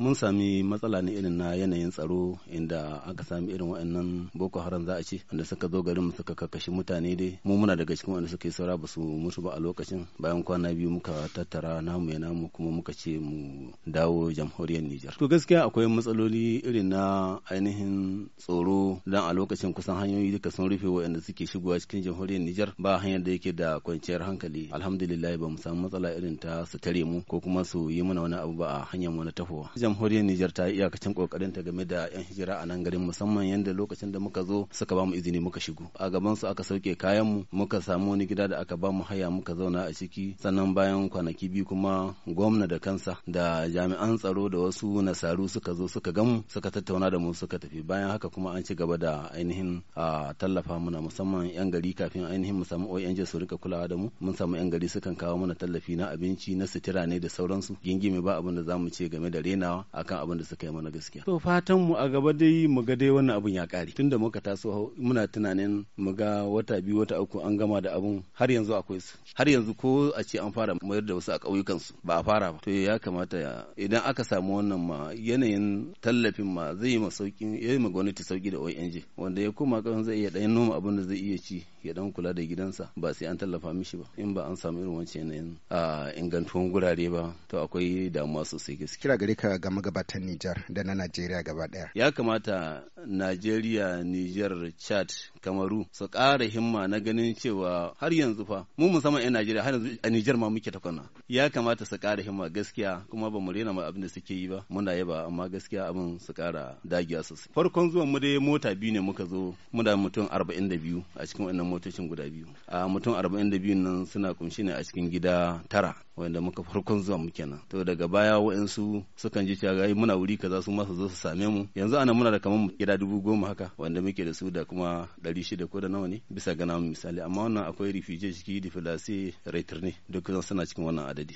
mun sami matsala ne irin na yanayin tsaro inda aka sami irin waɗannan boko haram za a ce wanda suka zo garin mu suka kakkashi mutane dai mu muna daga cikin wanda suka yi saura ba su mutu ba a lokacin bayan kwana biyu muka tattara namu ya namu kuma muka ce mu dawo jamhuriyar Nijar to gaskiya akwai matsaloli irin na ainihin tsoro dan a lokacin kusan hanyoyi duka sun rufe waɗanda suke shigowa cikin jamhuriyar Nijar ba hanyar da yake da kwanciyar hankali alhamdulillah ba mu samu matsala irin ta su tare mu ko kuma su yi mana wani abu ba a hanyar mu na tafowa jamhuriyar Nijar ta yi iyakacin kokarin ta game da yan hijira a nan garin musamman yadda lokacin da muka zo suka ba izini muka shigo a gaban su aka sauke kayan mu muka samu wani gida da aka bamu haya muka zauna a ciki sannan bayan kwanaki biyu kuma gwamna da kansa da jami'an tsaro da wasu nasaru suka zo suka gamu suka tattauna da mu suka tafi bayan haka kuma an ci gaba da ainihin a tallafa muna musamman yan gari kafin ainihin mu samu ONG su rika kulawa da mu mun samu yan gari sukan kawo mana tallafi na abinci na sutura ne da sauransu gingimi ba abin da za mu ce game da renawa akan abin da suka yi mana gaskiya to fatan mu a gaba dai mu ga dai wannan abin ya kare tunda muka taso muna tunanin mu ga wata biyu wata uku an gama da abun har yanzu akwai su har yanzu ko a ce an fara mayar da wasu a ƙauyukan su ba a fara ba to ya kamata idan aka samu wannan ma yanayin tallafin ma zai yi ma sauki ya yi ma gwamnati sauki da ONG wanda ya koma kan zai iya dan noma abin da zai iya ci ya dan kula da gidansa ba sai an tallafa mishi ba in ba an samu irin wancan yanayin a ah, ingantuwan gurare ba to akwai damuwa sosai gaskiya kira gare ka daga magabatan Nijar da na Najeriya gaba ɗaya. Ya kamata Najeriya, Nijar, Chad, Kamaru su ƙara himma na ganin cewa har yanzu fa mu musamman 'yan Najeriya har yanzu a Nijar ma muke takwana. Ya kamata su ƙara himma gaskiya kuma ba mu rena ma abin da suke yi ba muna yaba amma gaskiya abin su ƙara dagiya sosai. Farkon zuwan mu dai mota biyu ne muka zo muna mutum arba'in da biyu a cikin wannan motocin guda biyu. A mutum arba'in da biyu nan suna kunshi ne a cikin gida tara. wanda muka farkon zuwa mu kenan to daga baya wa'ansu sukan ji cewa ai muna wuri kaza su ma su zo su same mu yanzu ana muna da kamar gida dubu goma haka wanda muke da su da kuma ɗari shida ko da nawa ne bisa ga namu misali amma wannan akwai rifije ciki difilasi returne dukkan suna cikin wannan adadi